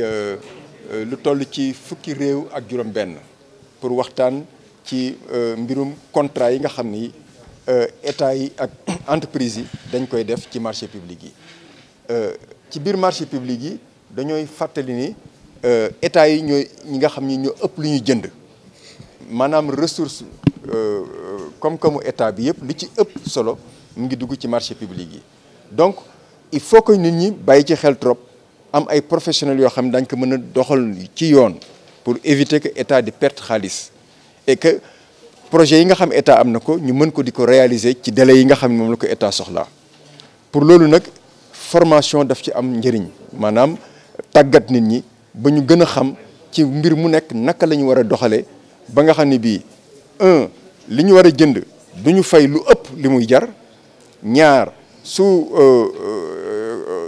ay euh, euh, lu toll ci fukki réew ak juróom Ben pour waxtaan ci euh, mbirum contrat yi nga xam ni état yi ak entreprise yi dañ koy def ci marché public yi ci biir marché public yi dañooy fàttali ni état yi ñooy ñi nga xam ni ñoo ëpp lu jënd maanaam ressource comme comme état bi yëpp li ci ëpp solo mu ngi dugg ci marché public yi donc il faut que nit ñi bàyyi ci xel trop. am ay professionnels yoo xam ne daañu mën a doxal ci yoon pour éviter que état di perte xaalis et que projet yi nga xam état am na ko ñu mën ko di ko réaliser ci délai yi nga xam ne moom la ko état soxlaa pour loolu nag formation daf ci am njëriñ maanaam tàggat nit ñi ba ñu gën a xam ci mbir mu nekk naka lañu ñu war a doxalee ba nga xam ne bii un li ñu war a jënd du ñu fay lu ëpp li muy jar ñaar su. Euh, euh,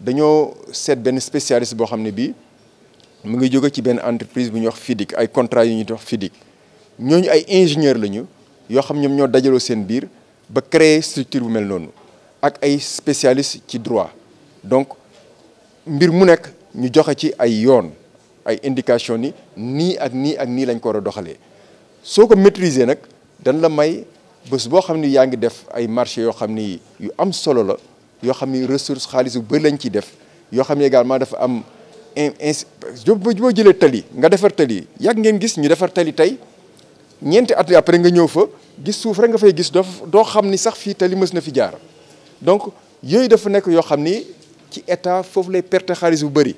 dañoo seet benn spécialiste boo xam ne bii mu ngi jóge ci benn entreprise bu ñuy wax FIDIC ay contrat yu ñuy wax FIDIC ñooñu ay ingénieur lañu yoo xam ñoom ñoo dajaloo seen biir ba créer structure bu mel noonu ak ay spécialiste ci droit donc mbir mu nekk ñu joxe ci ay yoon ay indication ni nii ak nii ak nii lañ ko war a doxalee soo ko maîtriser nag dañ la may bés boo xam ni yaa ngi def ay marché yoo xam ni yu am solo la yoo xam ni ressource xaalis lañ ci def yo xamni également dafa am in bo jëlé tali nga defar tali yak ngeen gis ñu defar tali tay ñeenti at après nga ñëw fa gis suuf rek nga fay gis do xamni sax fi tali mës na fi jaar donc yooyu dafa nek yo xamni ci état fofu lay perte xaalis bu bëri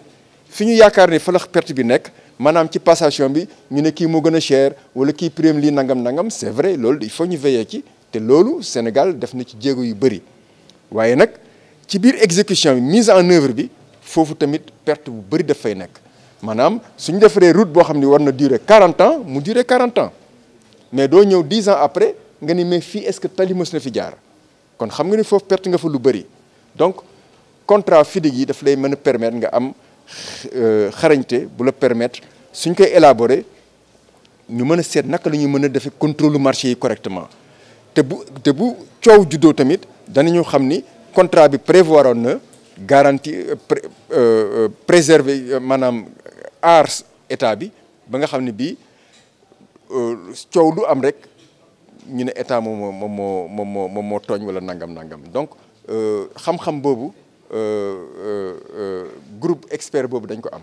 fi ñu yaakaar fa la perte bi nek manam ci passation bi ñu ne ki mo gëna cher wala ki prime li nangam nangam c'est vrai loolu il faut ñu veiller ci té loolu Sénégal def na ci djégo yu bëri wayé nak ci biir exécution bi mise en œuvre bi foofu tamit perte bu bëri daf fay nekk maanaam suñ defaree route boo xam ne war na durer 40 ans mu durer 40 ans mais doo ñëw 10 ans après nga ni mais fii est-ce que tali mës na fi jaar kon xam nga ni foofu perte nga fa lu bëri donc contrat FIDIG yi daf lay mën a permettre nga am euh, xarañte bu la permettre suñ koy élaborer ñu mën a seet naka la ñuy mën a defee contrôle marché yi correctement te bu te bu coow juddoo tamit danañu xam ni contrat bi prévoir na garantie euh, euh, euh, préserver manam Ars état bi ba nga xamni bi euh coow lu am rek ñu né état mo mo mo mo, mo, moo wala nangam nangam donc xam-xam euh groupe expert bobu dañ ko am.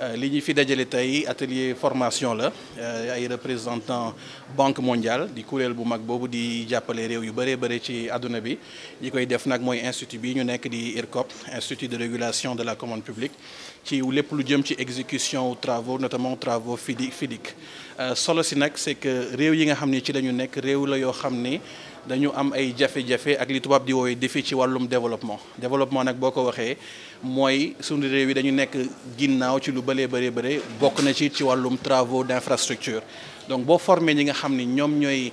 Euh, li ñu fi dajale atelier formation la euh, ay représentant banque mondiale du kuréel bu mag bobu di jàppale réew yu bëree bëri ci àdduna bi koy def nag institut bi ñu di IRCOP institut de régulation de la commande publique ci lépp lu jëm ci exécution travaux notamment travaux fidiques. FIDIC euh, solo si c'est que réew yi nga xam ci la nekk la yo dañu am ay jafé jafé ak li tubab di woowee défi ci walum développement développement nak boko waxé moy sunu suñu réew yi dañu nekk ginnaw ci lu balé bëree bëri bokk na ci ci walum travaux d'infrastructure donc bo formé ñi nga xamni ñom ñoy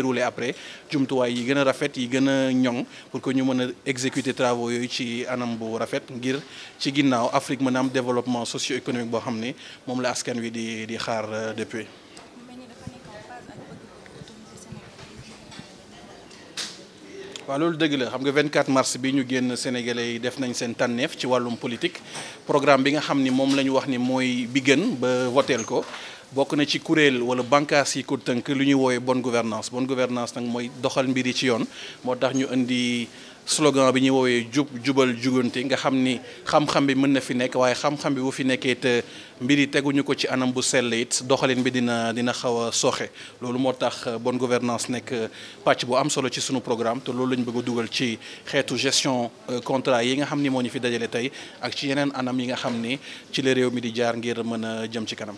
dérouler après jumtuwaay yi gëna rafet yi gëna a pour que ñu mëna exécuter travaux yoy ci anam bu rafet ngir ci ginnaw Afrique mëna am développement socio-économique bo xamné ne la askan wi di di xaar euh, depuis waaw loolu dëgg la xam nga 24 mars bi ñu génn sénégalais yi def nañ seen tànneef ci wàllum politique programme bi nga xam ni moom la ñu wax ni mooy bi gën ba voteel ko bokk na ci kuréel wala bànqaas yi ko tënk lu ñuy woowee bonne gouvernance bonne gouvernance nag mooy doxal mbir yi ci yoon moo tax ñu indi slogan bi ñuy woowee jub jubal juganti nga xam ni xam-xam bi mën na fi nekk waaye xam-xam bi bu fi nekkee te mbir yi teguñu ko ci anam bu sell it doxalin bi dina dina xaw a sooxe loolu moo tax euh, bon gouvernance nekk euh, pàcc bu am solo ci sunu programme te loolu lañ bëgg a dugal ci xeetu gestion euh, contrat yi nga xam ni moo ñu fi dajale tey ak ci yeneen anam yi nga xam ni ci la réew mi di jaar ngir mën a jëm ci kanam